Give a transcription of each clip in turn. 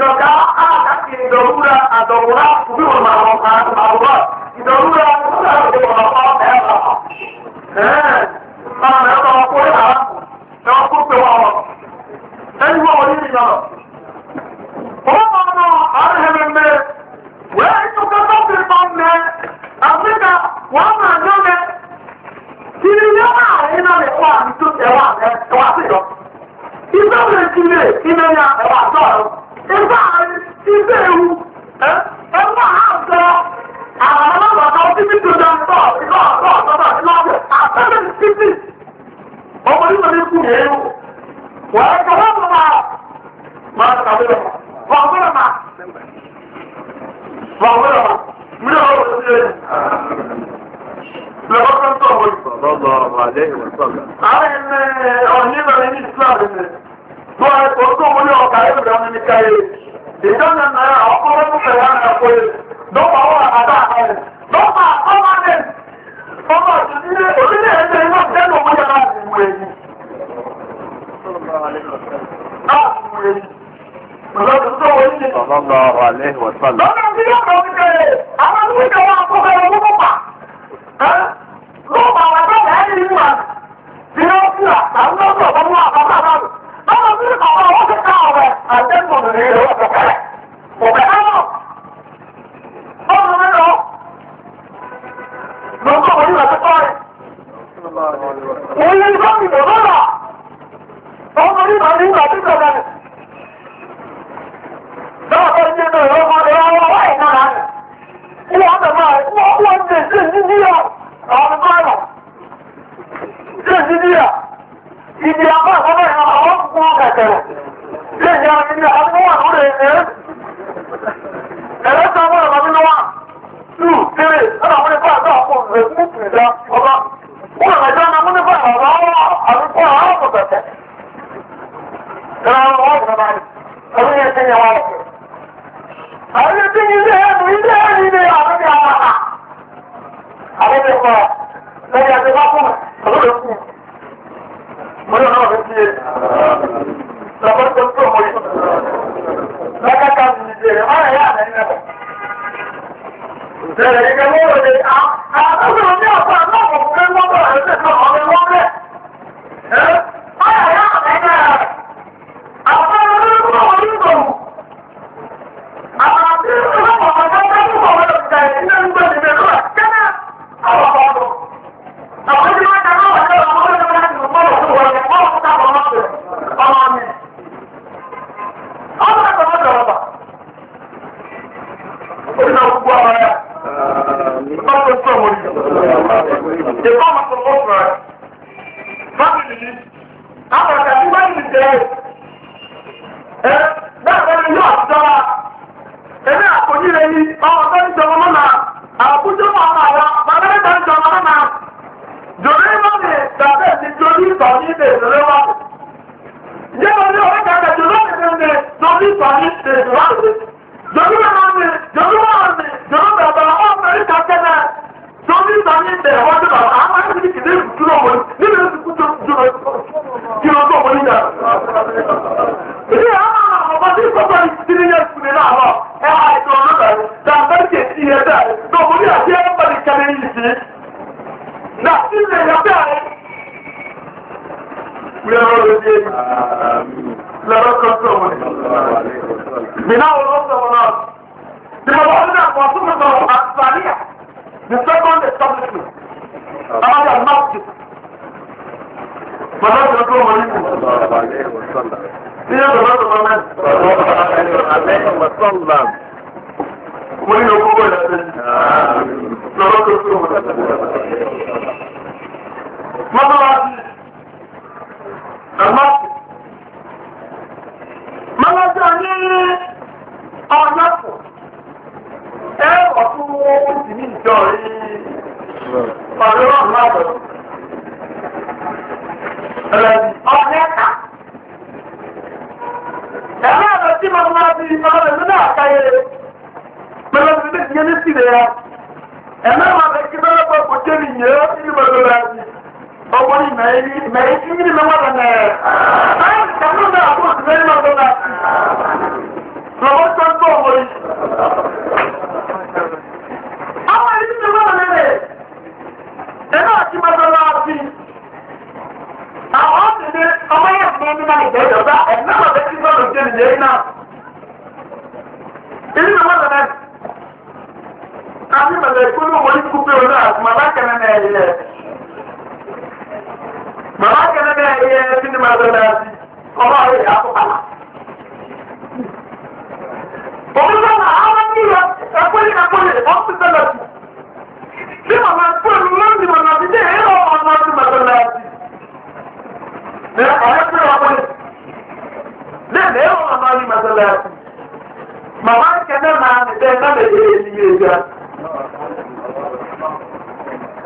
ìdọ̀ká àkàtì ìdọ̀rúra àdọ̀rúra òbí wọn máa wọn máa wọn máa wọn ìdọ̀rúra òbúra òbí wọn máa wọn ẹ̀ ẹ̀ ẹ̀ máa mẹ́ ọkọ̀ ọkọ̀ ẹ̀ àrà ẹ̀ ọkọ̀ pé wọn wọn ẹni wọn wọn yìí nìyànjú. Wọ́n máa nọ àárín ẹ̀mẹ̀ mẹ́ wẹ́ẹ́ ìtúkọ́ tó fi fọ́n mẹ́ àfíkà wọ́n máa yọ mẹ́ kiri ní ọ̀nà àárín náà lè fọ́ àmì tó ẹ̀wà ẹ̀wà sí lọ. Ìgbà wo lè kiri ìmẹ̀yà ẹ̀wà sọ̀rọ̀? ìfẹ́ àrí ìfẹ́ ewu ẹ̀wọ́n àgbà àwọn ọlọ́wọ́ títí tó dá tọ́ ìlọ́ ọ̀tọ́ ọ̀tọ́bà níláàbẹ̀ àtẹ́lẹ̀ títí ọmọ yìí wọlé kú yẹn o wọ́n ẹ̀ kọ́ wọ́n mọ̀ máa tàbí lọ wọ́n wúlọ̀ mà wọ́n wúlọ̀ mà mí ò wọ́n ti yẹ lọ́wọ́ tó ń tọ̀ wọ́n. Bàbá ọ̀gbà ọ̀gbà àlẹ́ ìwọ̀n sọ̀rọ̀. Àwọn ẹni ọ̀nìyàn ní Islam ni. Dua itu mulai orang berani nikah. Di sana naya aku orang tu kerana aku. Dua bawa ada aku. Dua bawa apa ni? Bawa sendiri. Orang ni ada yang dia nak macam apa? Ah, Sallallahu alaihi wasallam. Lọ́nà tí yóò kọ́ ní kẹ́lẹ̀, àwọn tí wọ́n wá kó kẹ́lẹ̀ owó púpà. Lọ́pàá wà bá wà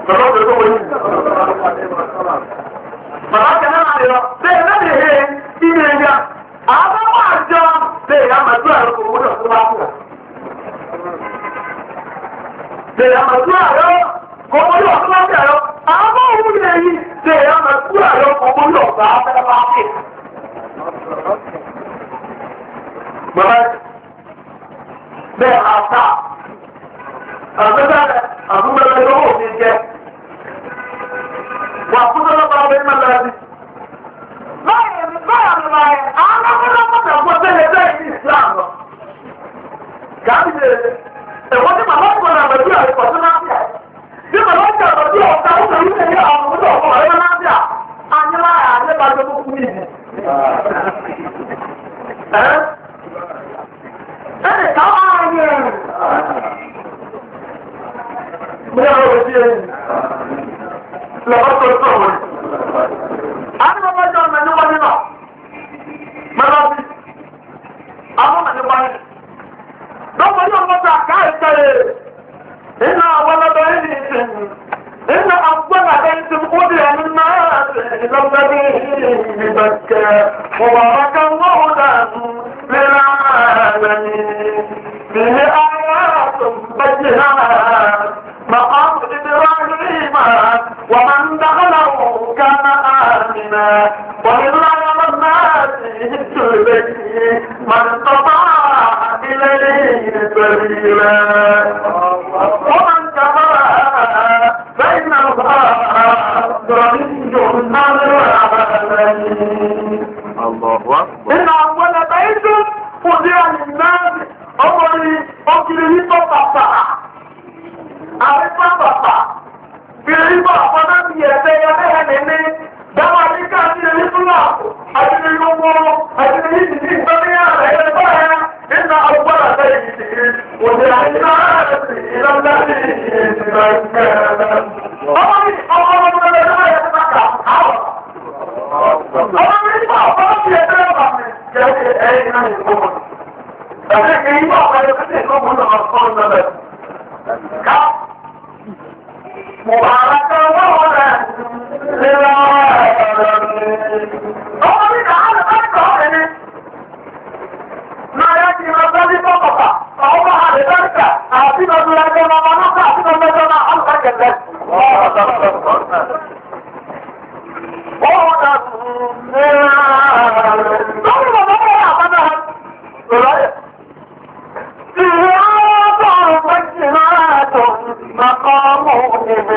bàbá tó tó wọlé. bàbá kẹ́lẹ́ máa yọ bẹ́ẹ̀ náà lè he inú ẹja àwọn ọmọ àjọ bẹ́ẹ̀ yà máa tó àrùn kò wúlò tó bá kù. bẹ́ẹ̀ yà máa tó àrùn kò wúlò tó bá kù àrùn àwọn ọmọ òun lè yí bẹ́ẹ̀ yà máa tó àrùn kò wúlò tó bá kù. bàbá bẹ́ẹ̀ máa ta. ومن دخله كان آمنا ولله على الناس من استطاع إليه سبيلا ومن كفر فإن الله غني الله أكبر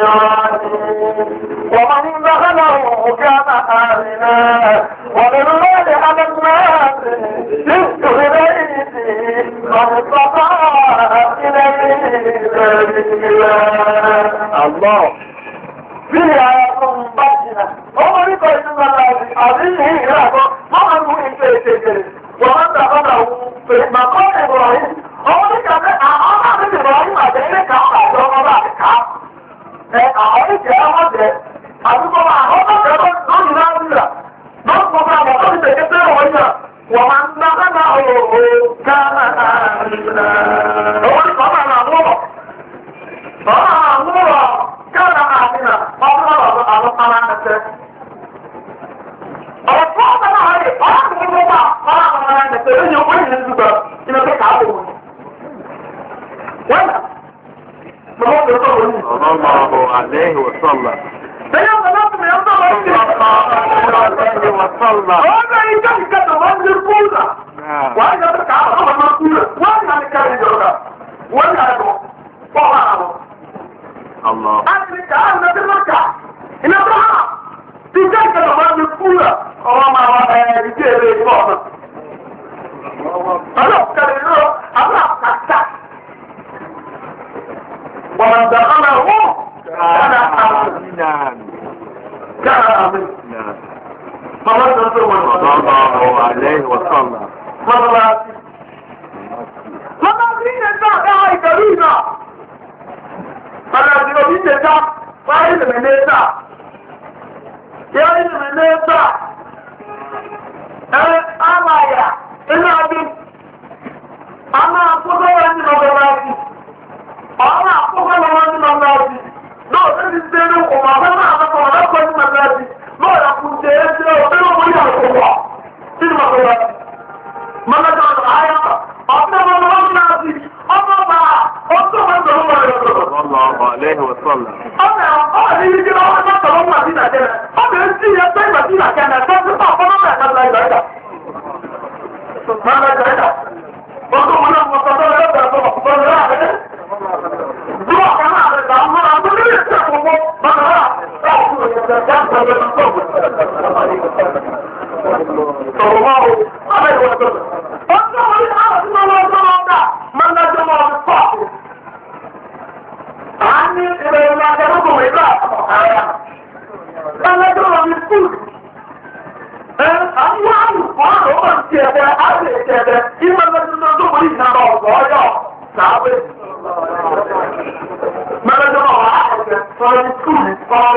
ومن دخله كان آمنا ولله على الناس رزق بيته من استطاع إليه سبيلا الله في آيات بينة ومن يطيب الذي عليه رحمه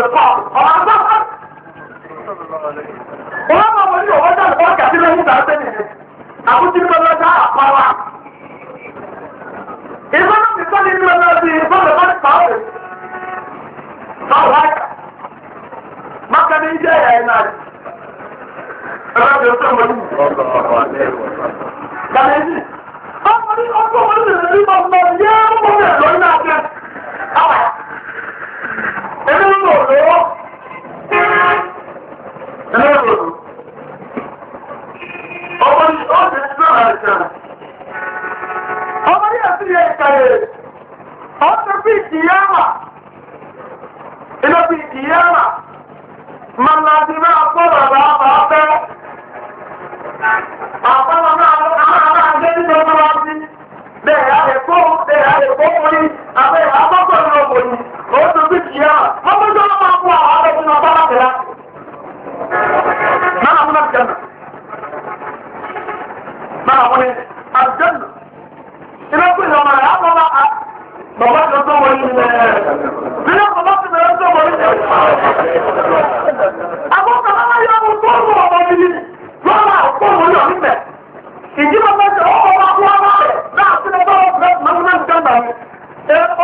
the Prophet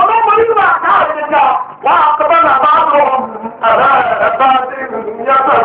ọlọ́mọ nígbà káàkiri wà á tọ́bọ̀ nàbà lọ àrà ẹ̀bá sí ìyàtọ̀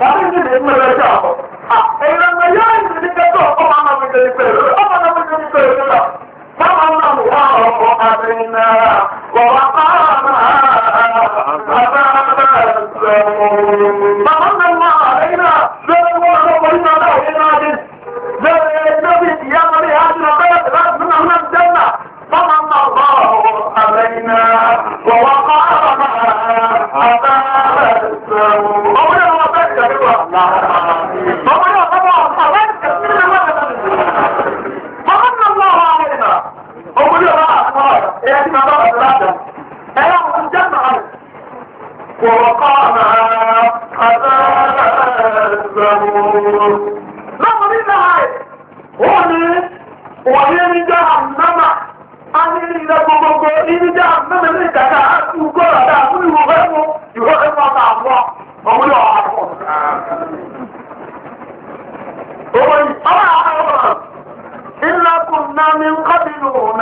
wọ́n ti di ìmọ̀lẹ̀ ọjọ́ àpọ̀. èèyàn mọ̀ yá ìdílé kẹ́tọ̀ ọmọ ọmọ mi lè pè é ọmọ ọmọ mi lè pè é lọ. Mama ma mu wa ọkọ abinna wa wa ama aba aba sọ. Mama ma mu wa abinna lórí wọn lọ́wọ́ iná náà.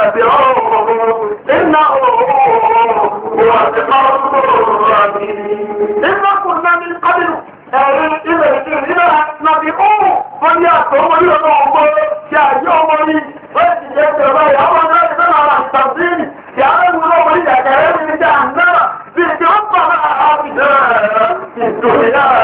فبربه إنه هو الغفور الرحيم إذا كنا من قبل إذا إذا نبئوه فليأتوا ويأتوا شاهدوا ولي فإذا يأتوا يأتوا ذلك على التنظيم يعلموا له ولي أكرم جهنم بإتربها في الدنيا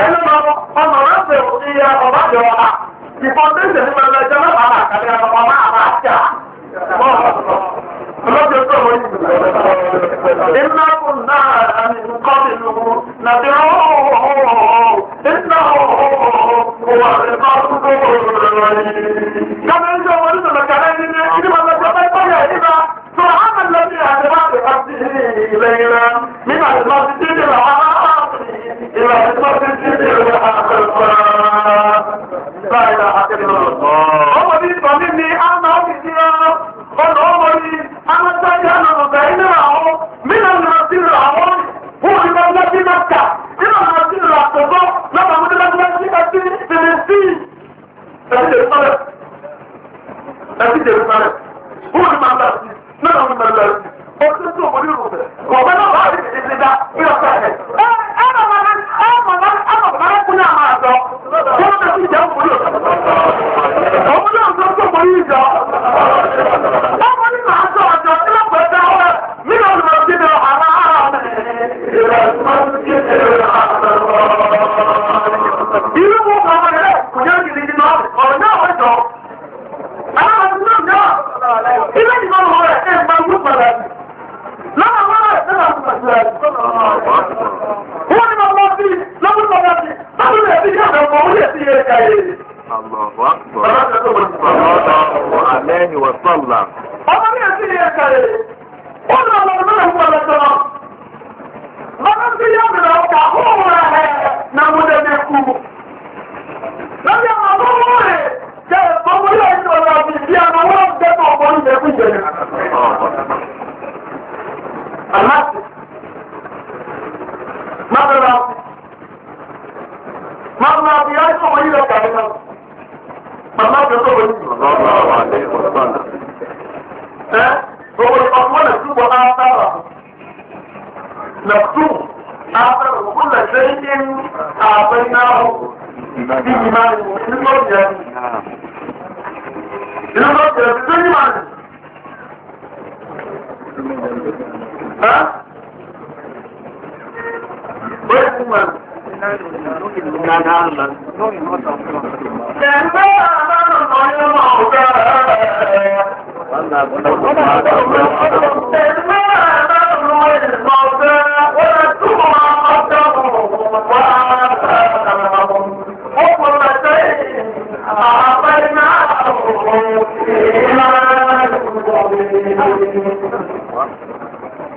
ẹni ọmọ máa ń fẹ́ iye ọba jọ ọba ìfọ̀tẹ́sẹ̀ ní máa ń lọ́jọ́ náà bàbá àkàdé ọba máa bá a jà. Ọlọ́jọ́ tó wọ́n yìí. wọ́n ní ma wọ́n sí lọ́dún tó wọ́n sí lọ́dún tó yẹ kí ọ̀dọ̀ wọ́n yẹ sí yẹ ká yẹ. Àmẹ́ni wà sọ́là. Ọmọ mi ẹ̀sìn yẹ ká yẹ. Ó lọ lọ lọ́dún tó wọ́n sọ. Lọ́dún tí yóò bẹ̀rẹ̀ ọkà ó wúra ẹ̀ na mo lè lè kú. Lọ́dún àwọn ọmọ rẹ̀ jẹ́ ọmọ yóò ń sọ̀rọ̀ àti ìdí àwọn ọmọ rẹ̀ ń tẹ́tọ̀ ọmọ ìgbẹ́kùn jẹ ماذا نعطي ماذا نعطي يا إسم وإذا كعلا ماذا تطور الله عليه وسلم هو الأطول نكتب آثاره وكل شيء أعطيناه في إيمان المسلم والجاهل bari kuma na na Allah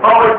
Oh,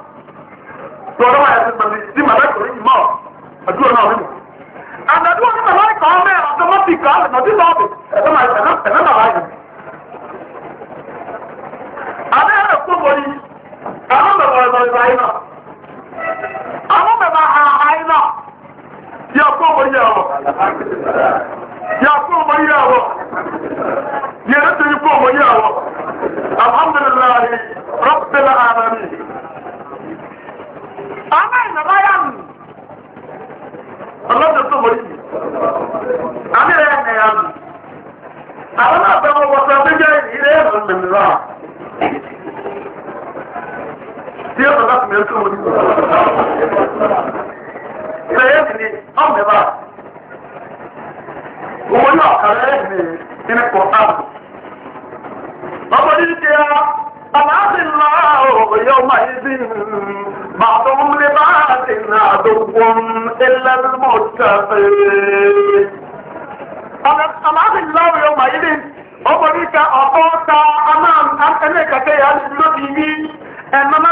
tọ́lá wà láti sọ̀rọ̀ sí màmá ìkòrí yìí mọ́ àdúrà náà wọ́n mọ̀. àdàdúrà ní màmá ìkọ̀ ọmọ ẹ̀ ọ̀tọ́mọ́tì kọ́ ọ̀lẹ̀ nàbí lọ́ọ̀bì ẹ̀fẹ́ màmá yìí. àbẹ́ ẹ̀rọ kó wọ yìí àwọn bẹ̀rẹ̀ ọ̀rọ̀ ìgbà yìí náà àwọn bẹ̀rẹ̀ àhà yìí náà yà kó wọ yìí ọ̀rọ̀ yà kó wọ yìí ọ̀rọ̀ yẹ̀rẹ́ tó yìí kó wọ yìí ọ̀rọ̀ alhamdulilayi rabbil alamin ọmọ ìnàbá yà mí ọlọ́dún tó mọ̀rí mi àmì rẹ̀ ẹ̀ yà mí àwọn náà fẹ́ wọ́n wọ́n sọ pé jẹ́ ilé ẹ̀rọ mìíràn tí ó sọ láti mẹ́rin tó mọ̀rí mi. Ìrẹ̀yẹ́ mi ni ọmọ ìbára. بعضكم إلا المتقين أنا الله يومئذ ọmọ níta ọ̀tọ́ ta amáàmù akẹ́lẹ́kẹ̀kẹ́ yà lóbi ní ẹ̀nàmá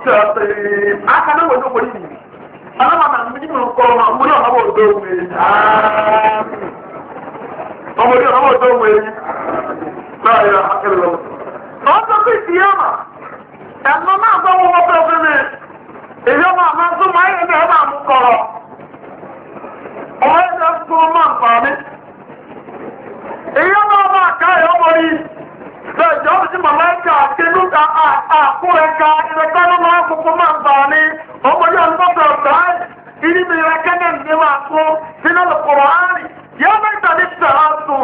mustaqim aka na wajen wani ne alama na mini mun ko ma muri ona bo do we o muri ona bo do we la ya hakelo o to ki tiyama en mama ba wo wo probleme e yo ma ma so ma ye na ba mu ko o ye na so ma pa mi e yo ma ma ka yo bẹ́ẹ̀jọ́ ti màláìkà àtinúta àkó ẹ̀ka ìrẹ́kọ́ ló máa kókó máa bà ní ọmọ yóò ń gbọ́dọ̀ ọ̀gáì ìdí mi rẹ̀ kẹ́kẹ́ ní máa kó sínú lùkùrọ̀ áàrì yóò mẹ́ta ní sàátù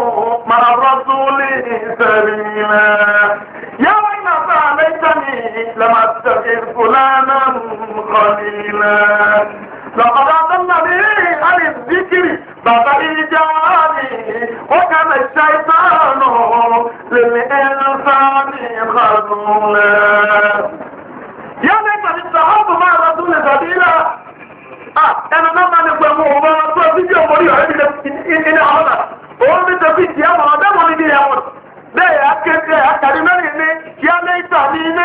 màá rọ́tú lé ìsẹ̀rí rẹ̀ yóò wáyé bá àlẹ́ ìtàn ní lẹ́màtẹ̀ ìfúlẹ́ náà kọ́ nílẹ̀. لقد أضلني عن الذكر بعد إيجابي وكان الشيطان للإنسان خذولا يا ليت الصحابة مع رسول سبيلا ẹnu náà máa ní pẹ̀lú ọmọ ọmọ fídíò mọ́rí ọ̀rẹ́ ilé ọ̀nà òun ní tẹ̀sí tí a máa dẹ́mọ̀ ní ilé ẹ̀wọ̀n bẹ́ẹ̀ akéde àkàrí mẹ́rin ní kí á lẹ́yìn tà ní ilé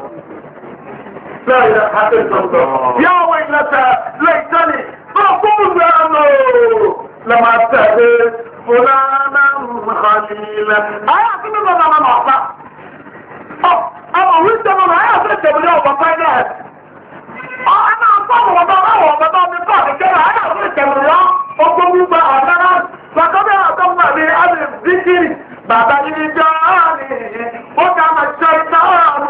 لا إله إلا الله يا ويلتى ليتني فقول أنه لم أتخذ فلانا خليلا آيات أه، من الله ما نعطى أما وانت من آيات انت من يوم بطينات أه، أنا أصاب وضعه وضعه من بعد كده أنا أصاب انت من يوم أقول بقى أنا فقد أعطى الله بأمر الذكر bàbá yìí dání ó ká máa ṣe ìdáhùn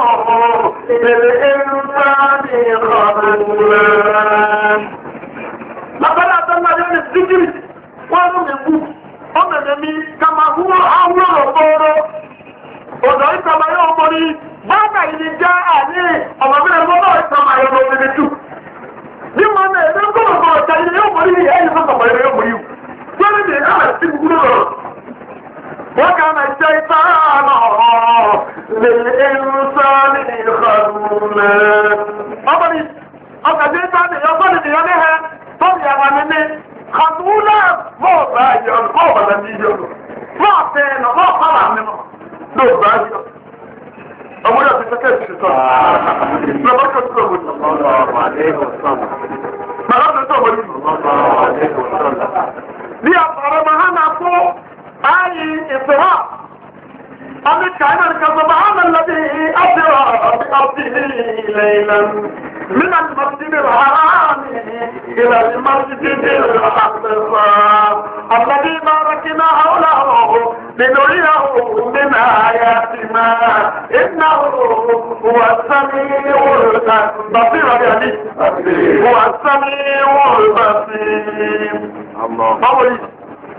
bèrè ẹnu dání ọ̀rẹ́. bàbá náà tó máa yẹ síkìrì wọ́n mú mi kú ó mẹ̀mẹ́ mi ká máa wúwo àwúrò lọ́kọ́ọ́rọ́ ọ̀dọ̀ ìtọ́mọ yóò mọ ní bàbá yìí àní náà yóò tù. bí وكان الشيطان للإنسان خذولا أبني أبني ثاني يصل ديانها طب يا غنمي خذولا مو بايون مو بلديون مو فين مو خلع منه لو بايون أمور أتتكلم الشيطان لبركة الله الله عليه وسلم ما غادر تقول الله عليه وسلم ليه أبغى ما الإسراف أمت عمرك سبحان الذي أسرى بأرضه ليلا من المسجد الحرام إلى المسجد الأقصى الذي باركنا حوله لنريه من آياتنا إنه هو السميع البصير يعني هو السميع البصير الله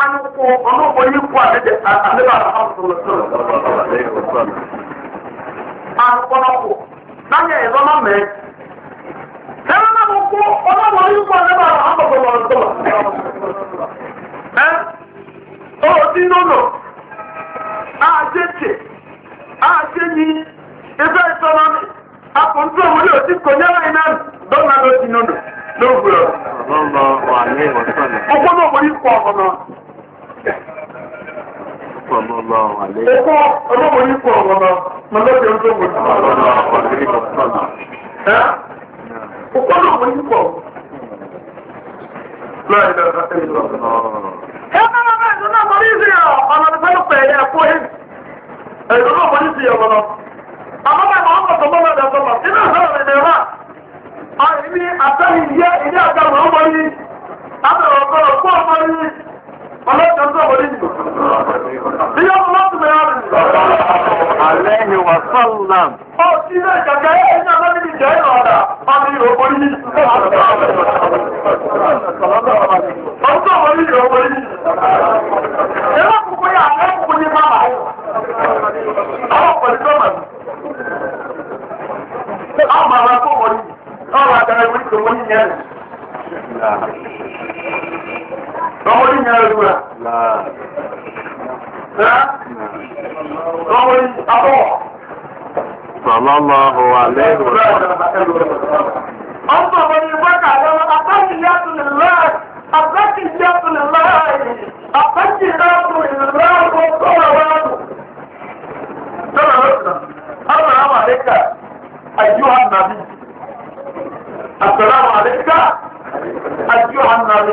anụkwụ ọnụkwụ onye ikwu adịba anụkwụ n'anya ịzọ na mee ẹnu náà mo kó ọlọ́wọ́ orí kọ́ nígbà tó ń bọ̀ bọ̀ tó ẹ ọdí nínú àjẹjẹ ọhụrụ Ẹ̀kọ́ ọlọ́mọdé kọ̀ ọ̀nà mọ̀lẹ́bí ọjọ́ mọ̀lẹ́bí ọ̀nà. Ẹ̀kọ́ ọlọ́mọdé kọ̀ láìlẹ̀ ẹ̀kọ́ ọlọ́mọdé sí ọ̀nà ìfẹ́lùpẹ̀ ẹ̀yẹ fún ẹ̀. Ẹ̀kọ́ ọlọ́mọdé sí ọ̀nà. Àmọ́ bàbá ọkọ̀ tó mọ́lá dẹ̀ sọ́mọ̀, inú ìfẹ́lùpẹ̀ ẹ̀yẹ wà. Àìní àtẹ́yìn yẹ ilé àgbà ọmọ yìí, àbẹ̀rẹ̀ ọ̀gbọ̀rọ̀ fún ọmọ yìí. Àlẹ́yìn wà sọ́làm. Ó ti ilé ìjọ̀gẹ́ ẹ̀yìn náà lọ́dún ìjọ ìrọ̀ ọ̀dà, bá mi rò borí ní. Ọjọ́ borí rò borí ní. Ẹlọ́ kúkú yà á lẹ́kùnkú ní máa báyìí. Àwọn pẹ̀lú sọ́mà. Àwọn màmá tó wọ̀nyí. Àwọn àgbẹ̀rẹ̀ wíńdò wọ́n yẹn. ọmọdé ní ara ìwúra. ọmọdé abọ́. Sọlọ́lọ́ ọ̀hún alẹ́ ìwé. Ọmọ ọmọ ni wọ́n kà lọ́wọ́ abáyé yàtọ̀ lè láàyè. Abáyé yàtọ̀ lè láàyè. Abáyé yàtọ̀ lè láàyè. Ọ̀gbọ́n wa wà lọ. Sọlá lọ́sàn-án, àwọn àwọn àlékà, àyíwá nàbí. Àsàlámù àlékà, àyíwá nàbí.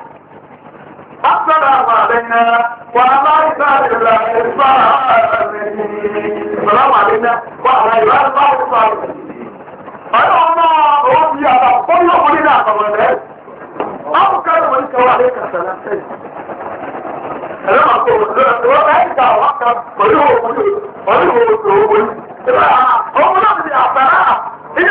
السلام علينا وعلى عباد الله الصالحين السلام علينا وعلى عباد الله الصالحين أنا ربي على كل أمرنا كمان أبو كان ملك وعليك السلام أنا أقول لك ولا أنت وقت وليه وليه وليه وليه وليه وليه وليه وليه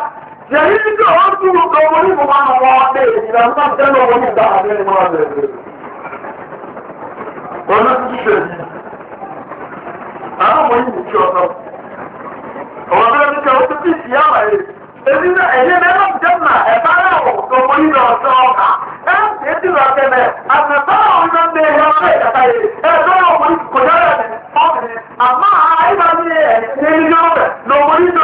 yẹ̀yí ní kí ọ̀rọ̀ tí mo kọ́ wọlé mo máa wọ ọdẹ ìlànà tẹ́lẹ̀ ọmọ ní ìgbà àti ẹni máa bẹ̀rẹ̀. ọ̀nà tí ṣe yìí àwọn ọmọ yìí nìkí ọ̀nà ọ̀rọ̀ bẹ́ẹ̀ ní kí ọ̀rọ̀ tó ti ṣì yá èmi náà ẹ̀yẹ mẹ́fà jẹ́mà ẹ̀bá náà ọ̀tọ̀ ọmọ yìí sọ ọ̀kà ẹ̀ lọ tẹ̀lẹ̀ àtẹ̀bá ẹ̀ ọ̀bìnrin àmọ́ àìbá ní ẹ̀yẹ ní ẹ̀yẹ ọ̀rẹ́ lọ́mọ yìí lọ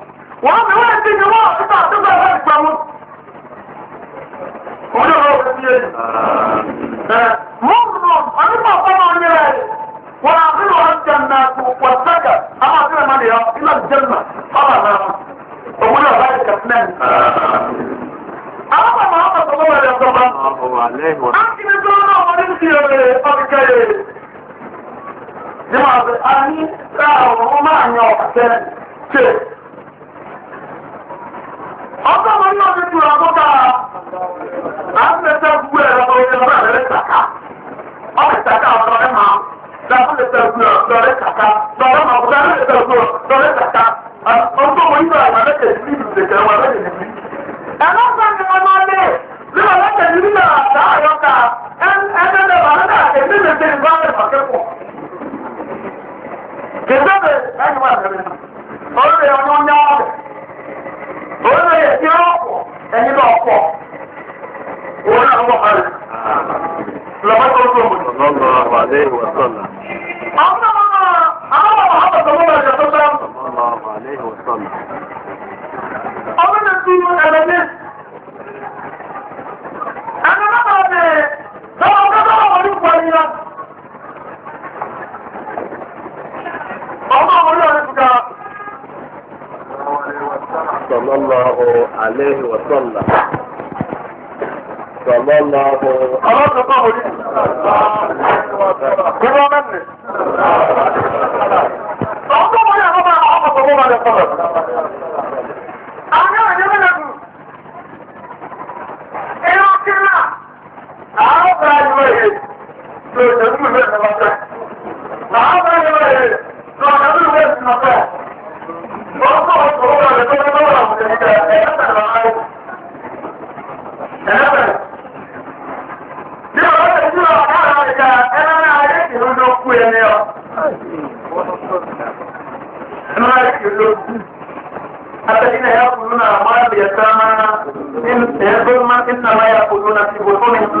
我还没问清楚，我儿子咋这么快？صلى الله عليه وسلم صلى الله عليه وسلم Àwọn ọ̀gá ìwé yìí ló ṣe ń gbé mẹ́ta. ẹ̀yẹ́ tó máa ń nàmáyà kò lónà sí ìwòsàn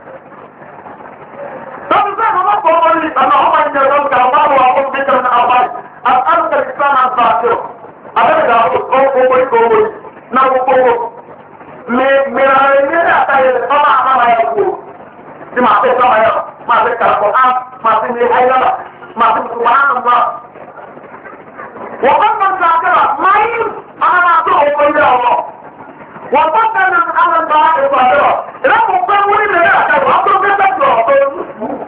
ما تقول اللهم انت ربك الله واقوم بك من ابائك اسالك الاسلام عن ذاكره ابدا اقول قومي قومي نعم قومي من عالمين اتايل طبعا ما يقول دي معطيه طبعا ما ذكر القران ما تملي حيله ما تملي سبحان الله وقد الذاكره مريض انا معطيه قومي الله وقد من على الضعائف الظاهره لما قومي من الاعتاب عبد الله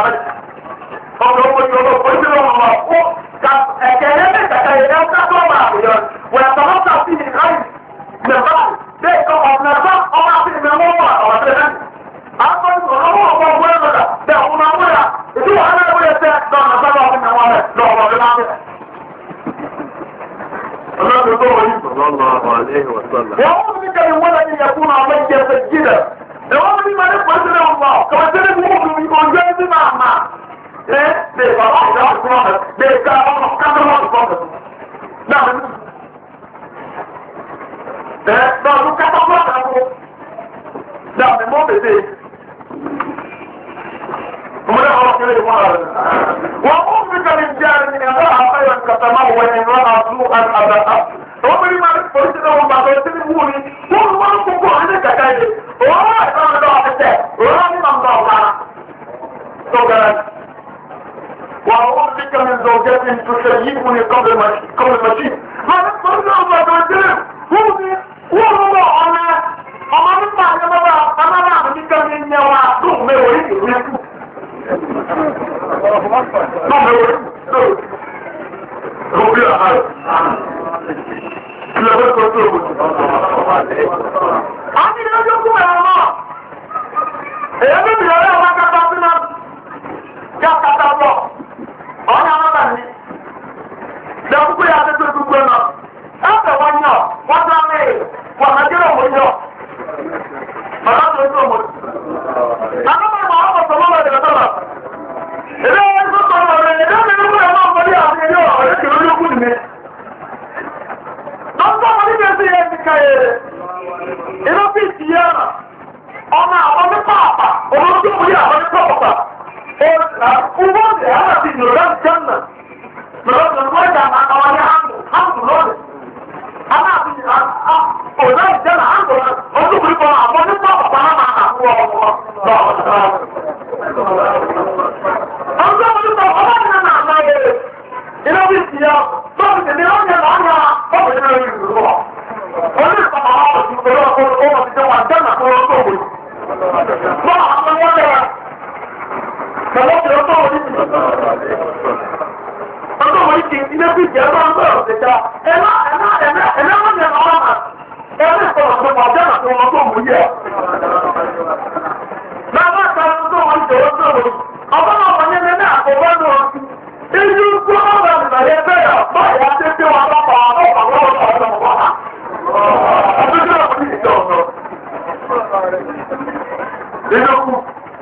nínú kú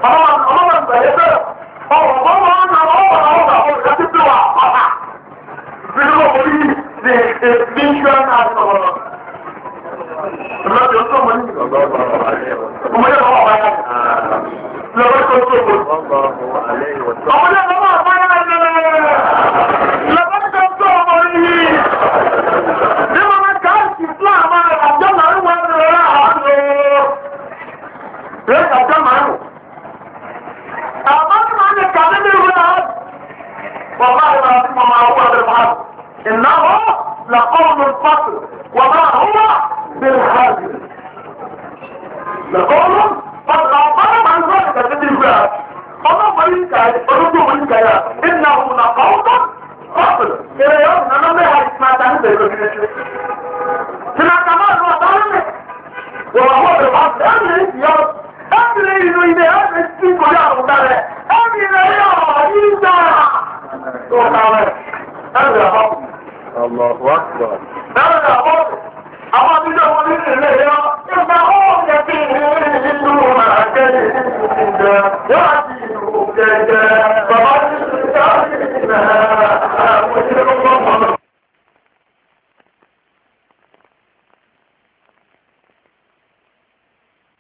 ọlọ́wọ́ ìgbàlẹ́ bẹ́ẹ̀ ọwọ́ ọwọ́ ọ̀nà ọwọ́ ọ̀nà ọwọ́ ìdájí pé wà pàtà nínú orí ní èmi ṣẹ́ náà sọ̀rọ̀ lọ́dọ̀ tó mọ̀ ní ọgbọ́n ọgbọ́n alẹ́ ọmọdé lọ́wọ́ ọ̀bá yá lọ́wọ́ tó tó mọ̀ ọmọdé lọ́wọ́ ọ̀bá yá lọ́wọ́ tó tó mọ̀ ní ní wọn ká ìsìláàmù àjọ làwọn ọmọ rẹ̀ àwọn ọ̀rọ̀